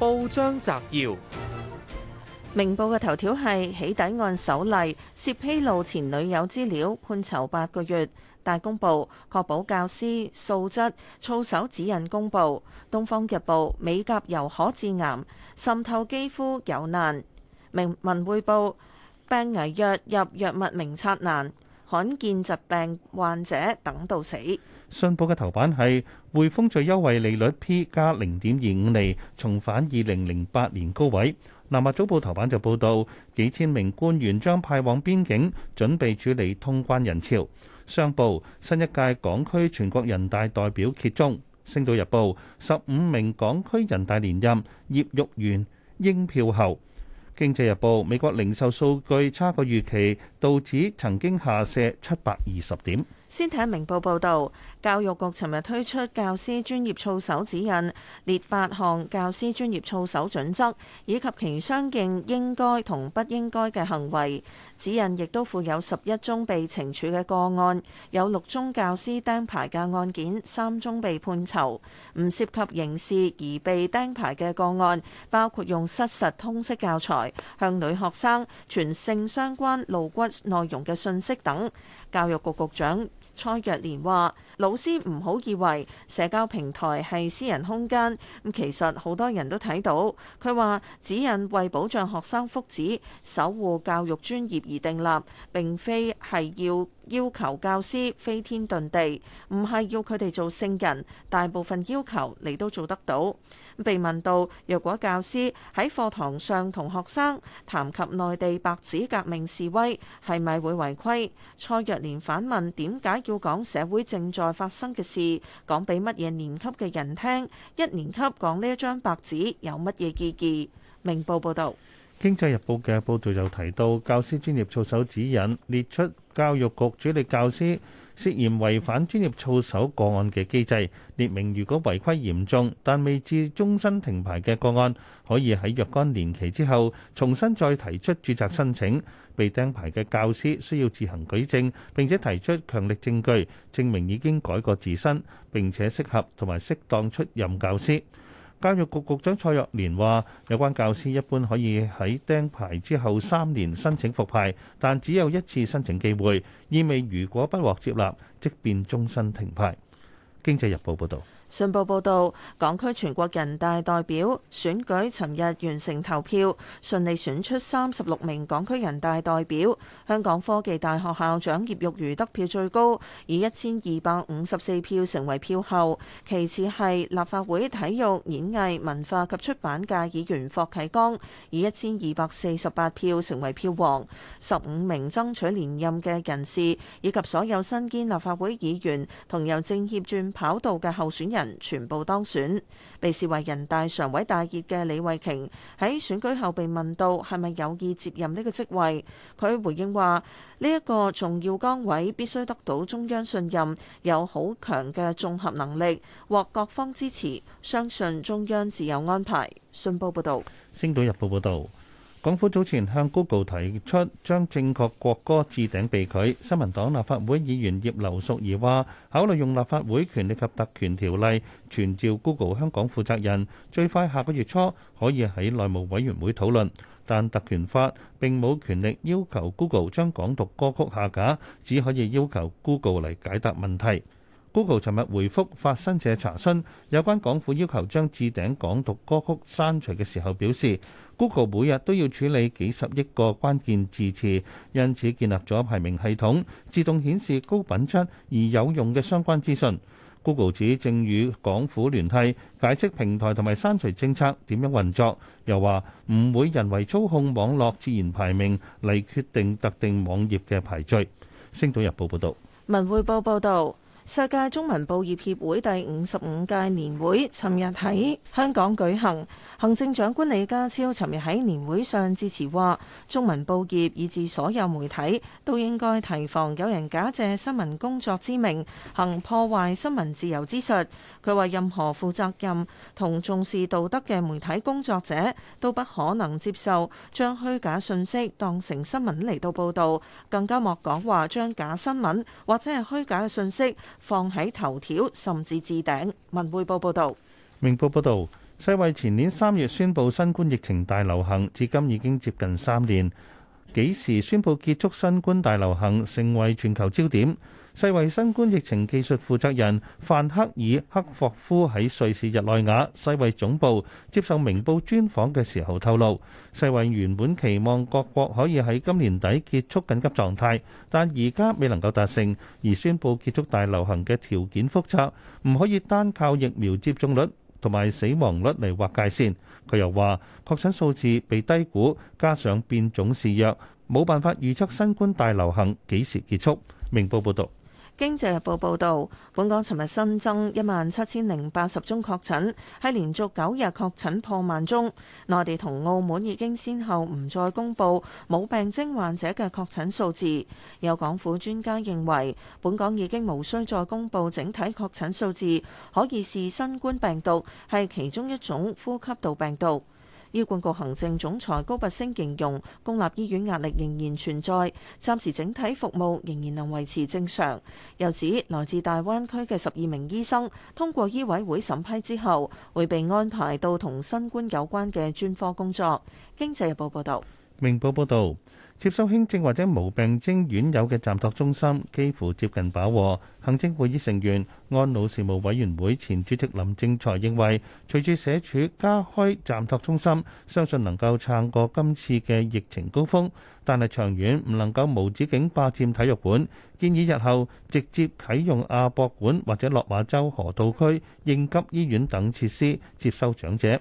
報章摘要：明報嘅頭條係起底案首例，涉披露前女友資料，判囚八個月。大公報確保教師素質，操守指引公布。東方日報美甲油可致癌，滲透肌膚有難。明文匯報病危藥入藥物名冊難。罕見疾病患者等到死。信報嘅頭版係匯豐最優惠利率 P 加零點二五釐，重返二零零八年高位。南華早報頭版就報道，幾千名官員將派往邊境，準備處理通關人潮。商報新一屆港區全國人大代表揭盅。星島日報十五名港區人大連任，葉玉元應票後。經濟日報美國零售數據差過預期。道指曾經下瀉七百二十點。先睇明報報導，教育局尋日推出教師專業操守指引，列八項教師專業操守準則，以及其相應應該同不應該嘅行為。指引亦都附有十一宗被懲處嘅個案，有六宗教師釘牌嘅案件，三宗被判囚。唔涉及刑事而被釘牌嘅個案，包括用失實通識教材向女學生傳性相關露骨內容嘅信息等，教育局局長蔡若蓮話老師唔好以為社交平台係私人空間，咁其實好多人都睇到。佢話指引為保障學生福祉、守護教育專業而訂立，並非係要要求教師飛天遁地，唔係要佢哋做聖人。大部分要求你都做得到。被問到若果教師喺課堂上同學生談及內地白紙革命示威，係咪會違規？蔡若蓮反問：點解要講社會正在發生嘅事，講俾乜嘢年級嘅人聽？一年級講呢一張白紙有乜嘢意義？明報報導，《經濟日報》嘅報導又提到教師專業操守指引列出。教育局主力教師涉嫌違反專業操守個案嘅機制，列明如果違規嚴重但未至終身停牌嘅個案，可以喺若干年期之後重新再提出註冊申請，被釘牌嘅教師需要自行舉證，並且提出強力證據證明已經改過自身並且適合同埋適當出任教師。教育局局長蔡若蓮話：有關教師一般可以喺釘牌之後三年申請復牌，但只有一次申請機會，意味如果不獲接納，即變終身停牌。經濟日報報道。信報報導，港區全國人大代表選舉尋日完成投票，順利選出三十六名港區人大代表。香港科技大學校長葉玉如得票最高，以一千二百五十四票成為票后。其次係立法會體育、演藝、文化及出版界議員霍啟剛，以一千二百四十八票成為票王。十五名爭取連任嘅人士以及所有身兼立法會議員同由政協轉跑道嘅候選人，全部當選，被視為人大常委大熱嘅李慧瓊喺選舉後被問到係咪有意接任呢個職位，佢回應話：呢、這、一個重要崗位必須得到中央信任，有好強嘅綜合能力，獲各方支持，相信中央自有安排。信報報道，星島日報報道。。港府早前向 Google 提出將正確國歌置頂被拒。新民黨立法會議員葉劉淑儀話：考慮用立法會權力及特權條例傳召 Google 香港負責人，最快下個月初可以喺內務委員會討論。但特權法並冇權力要求 Google 將港獨歌曲下架，只可以要求 Google 嚟解答問題。Google 尋日回覆法新社查詢，有關港府要求將置頂港獨歌曲刪除嘅時候，表示 Google 每日都要處理幾十億個關鍵字詞，因此建立咗排名系統，自動顯示高品質而有用嘅相關資訊。Google 指正與港府聯繫，解釋平台同埋刪除政策點樣運作，又話唔會人為操控網絡自然排名嚟決定特定網頁嘅排序。星島日報報導，文匯報報導。世界中文報業協會第五十五屆年會尋日喺香港舉行。行政長官李家超尋日喺年會上致辭，話中文報業以至所有媒體都應該提防有人假借新聞工作之名行破壞新聞自由之實。佢話任何負責任同重視道德嘅媒體工作者都不可能接受將虛假信息當成新聞嚟到報道，更加莫講話將假新聞或者係虛假嘅信息。放喺頭條甚至置頂。文匯報報道，明報報道，世衛前年三月宣布新冠疫情大流行，至今已經接近三年。幾時宣布結束新冠大流行，成為全球焦點。世衛新冠疫情技術負責人范克爾克霍夫喺瑞士日內瓦世衛總部接受明報專訪嘅時候透露，世衛原本期望各國可以喺今年底結束緊急狀態，但而家未能夠達成，而宣布結束大流行嘅條件複雜，唔可以單靠疫苗接種率同埋死亡率嚟劃界線。佢又話，確診數字被低估，加上變種肆虐，冇辦法預測新冠大流行幾時結束。明報報道。《經濟日報》報導，本港尋日新增一萬七千零八十宗確診，喺連續九日確診破萬宗。內地同澳門已經先後唔再公布冇病徵患者嘅確診數字。有港府專家認為，本港已經無需再公布整體確診數字，可以視新冠病毒係其中一種呼吸道病毒。醫管局行政總裁高拔升形容公立醫院壓力仍然存在，暫時整體服務仍然能維持正常。又指來自大灣區嘅十二名醫生通過醫委會審批之後，會被安排到同新冠有關嘅專科工作。經濟日報報道，明報報道。接收輕症或者無病徵院友嘅暫托中心幾乎接近飽和。行政會議成員安老事務委員會前主席林正財認為，隨住社署加開暫托中心，相信能夠撐過今次嘅疫情高峰，但係長遠唔能夠無止境霸佔體育館，建議日後直接啟用亞博館或者落馬洲河道區應急醫院等設施接收長者。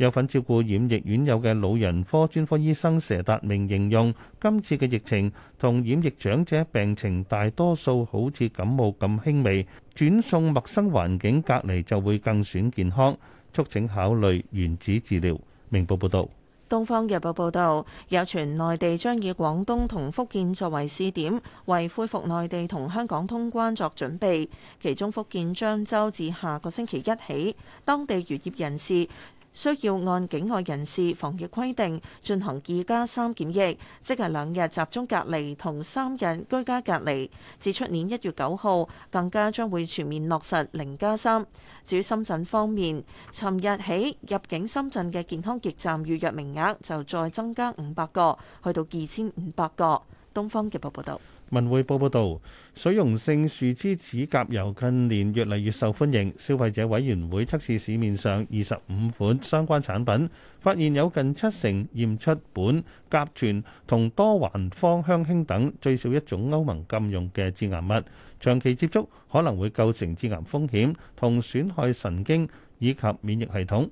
有份照顧染疫院友嘅老人科專科醫生佘達明形容，今次嘅疫情同染疫長者病情大多數好似感冒咁輕微，轉送陌生環境隔離就會更損健康，促請考慮原址治療。明報報導。《東方日報》報導有傳，內地將以廣東同福建作為試點，為恢復內地同香港通關作準備。其中福建漳州自下個星期一起，當地漁業人士，需要按境外人士防疫規定進行二加三檢疫，即係兩日集中隔離同三日居家隔離，至出年一月九號，更加將會全面落實零加三。至於深圳方面，尋日起入境深圳嘅健康驛站預約名額就再增加五百個去到二千五百個，東方日報報道。文匯報報道，水溶性樹脂指甲油近年越嚟越受歡迎。消費者委員會測試市面上二十五款相關產品，發現有近七成驗出苯、甲醛同多環芳香烴等最少一種歐盟禁用嘅致癌物，長期接觸可能會構成致癌風險，同損害神經以及免疫系統。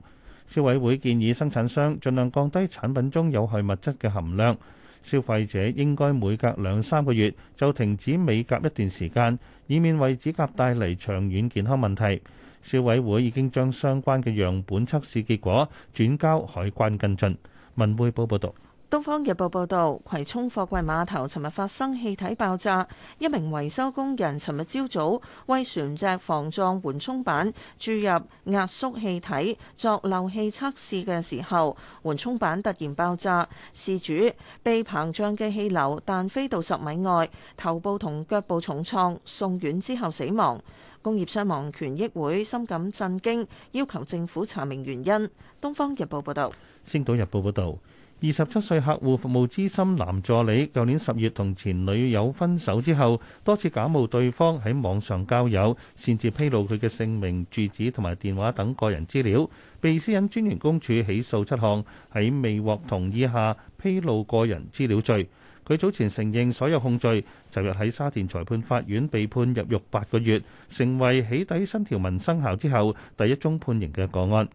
消委會建議生產商盡量降低產品中有害物質嘅含量。消費者應該每隔兩三個月就停止美甲一段時間，以免為指甲帶嚟長遠健康問題。消委會已經將相關嘅樣本測試結果轉交海關跟進。文匯報報道。《東方日報》報導，葵涌貨櫃碼頭尋日發生氣體爆炸，一名維修工人尋日朝早為船隻防撞緩衝板注入壓縮氣體作漏氣測試嘅時候，緩衝板突然爆炸，事主被膨脹嘅氣流彈飛到十米外，頭部同腳部重創，送院之後死亡。工業傷亡權益會深感震驚，要求政府查明原因。《東方日報》報導，《星島日報》報導。二十七歲客戶服務資深男助理，舊年十月同前女友分手之後，多次假冒對方喺網上交友，擅自披露佢嘅姓名、住址同埋電話等個人資料，被私隱專員公署起訴七項喺未獲同意下披露個人資料罪。佢早前承認所有控罪，昨日喺沙田裁判法院被判入獄八個月，成為起底新條文生效之後第一宗判刑嘅個案。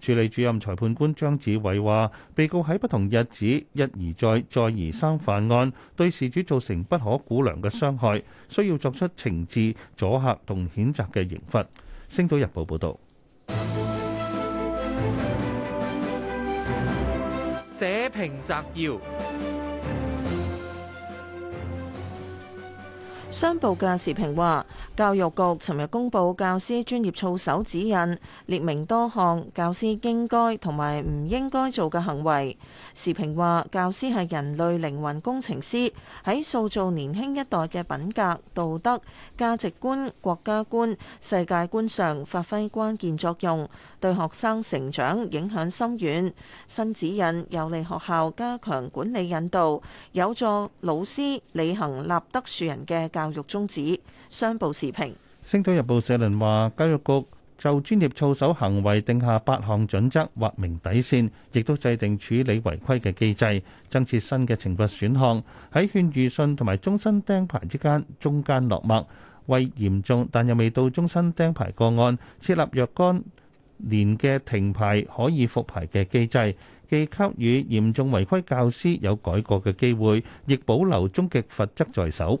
署理主任裁判官張子偉話，被告喺不同日子一而再、再而三犯案，對事主造成不可估量嘅傷害，需要作出懲治阻吓同譴責嘅刑罰。《星島日報》報道。社評摘要。商報嘅時評話，教育局尋日公布教師專業操守指引，列明多項教師應該同埋唔應該做嘅行為。時評話，教師係人類靈魂工程師，喺塑造年輕一代嘅品格、道德、價值觀、國家觀、世界觀上發揮關鍵作用，對學生成長影響深遠，新指引有利學校加強管理引導，有助老師履行立德樹人嘅教教育宗旨，商報時評。星島日報社論話：教育局就專業操守行為定下八項準則，劃明底線，亦都制定處理違規嘅機制，增設新嘅懲罰選項，喺勸喻信同埋終身釘牌之間中間落墨，為嚴重但又未到終身釘牌個案設立若干年嘅停牌可以復牌嘅機制，既給予嚴重違規教師有改過嘅機會，亦保留終極罰則在手。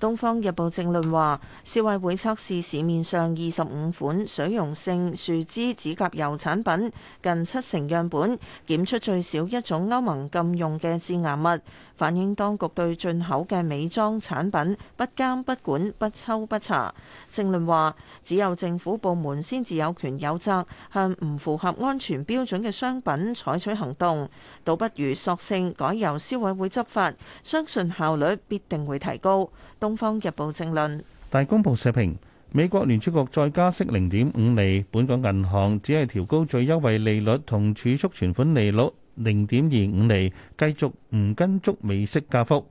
《東方日報》政論話，消委會測試市面上二十五款水溶性樹脂指甲油產品，近七成樣本檢出最少一種歐盟禁用嘅致癌物，反映當局對進口嘅美妝產品不監不管不抽不查。政論話，只有政府部門先至有權有責向唔符合安全標準嘅商品採取行動，倒不如索性改由消委會執法，相信效率必定會提高。《東方日報政論》政論，大公報社評：美國聯儲局再加息零點五厘，本港銀行只係調高最優惠利率同儲蓄存款利率零點二五厘，繼續唔跟足美息加幅，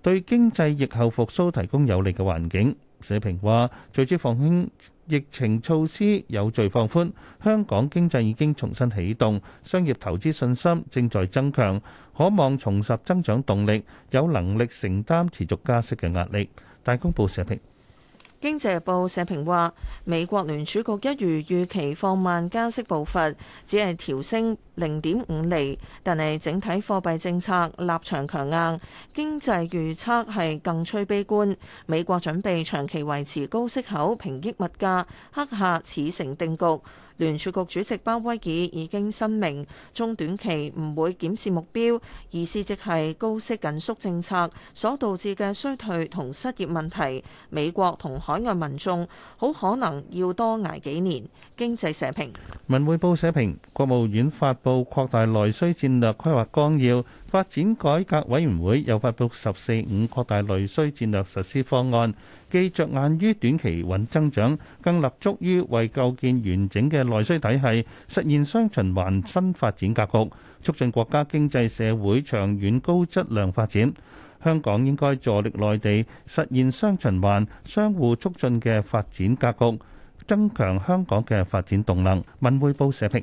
對經濟疫後復蘇提供有利嘅環境。社評話，隨着防控疫情措施有序放寬，香港經濟已經重新啟動，商業投資信心正在增強，可望重拾增長動力，有能力承擔持續加息嘅壓力。大公報社評。經濟日報社評話：美國聯儲局一如預期放慢加息步伐，只係調升零點五厘，但係整體貨幣政策立場強硬，經濟預測係更趨悲觀。美國準備長期維持高息口，平抑物價，刻下似成定局。聯儲局主席鮑威爾已經申明，中短期唔會檢視目標，而即係高息緊縮政策所導致嘅衰退同失業問題，美國同海外民眾好可能要多挨幾年。經濟社評。《文匯報》社評，國務院發布擴大內需戰略規劃綱要。發展改革委員會又發布《十四五》擴大內需戰略實施方案，既着眼於短期穩增長，更立足於為構建完整嘅內需體系、實現雙循環新發展格局，促進國家經濟社會長遠高質量發展。香港應該助力內地實現雙循環、相互促進嘅發展格局，增強香港嘅發展動能。文匯報社評。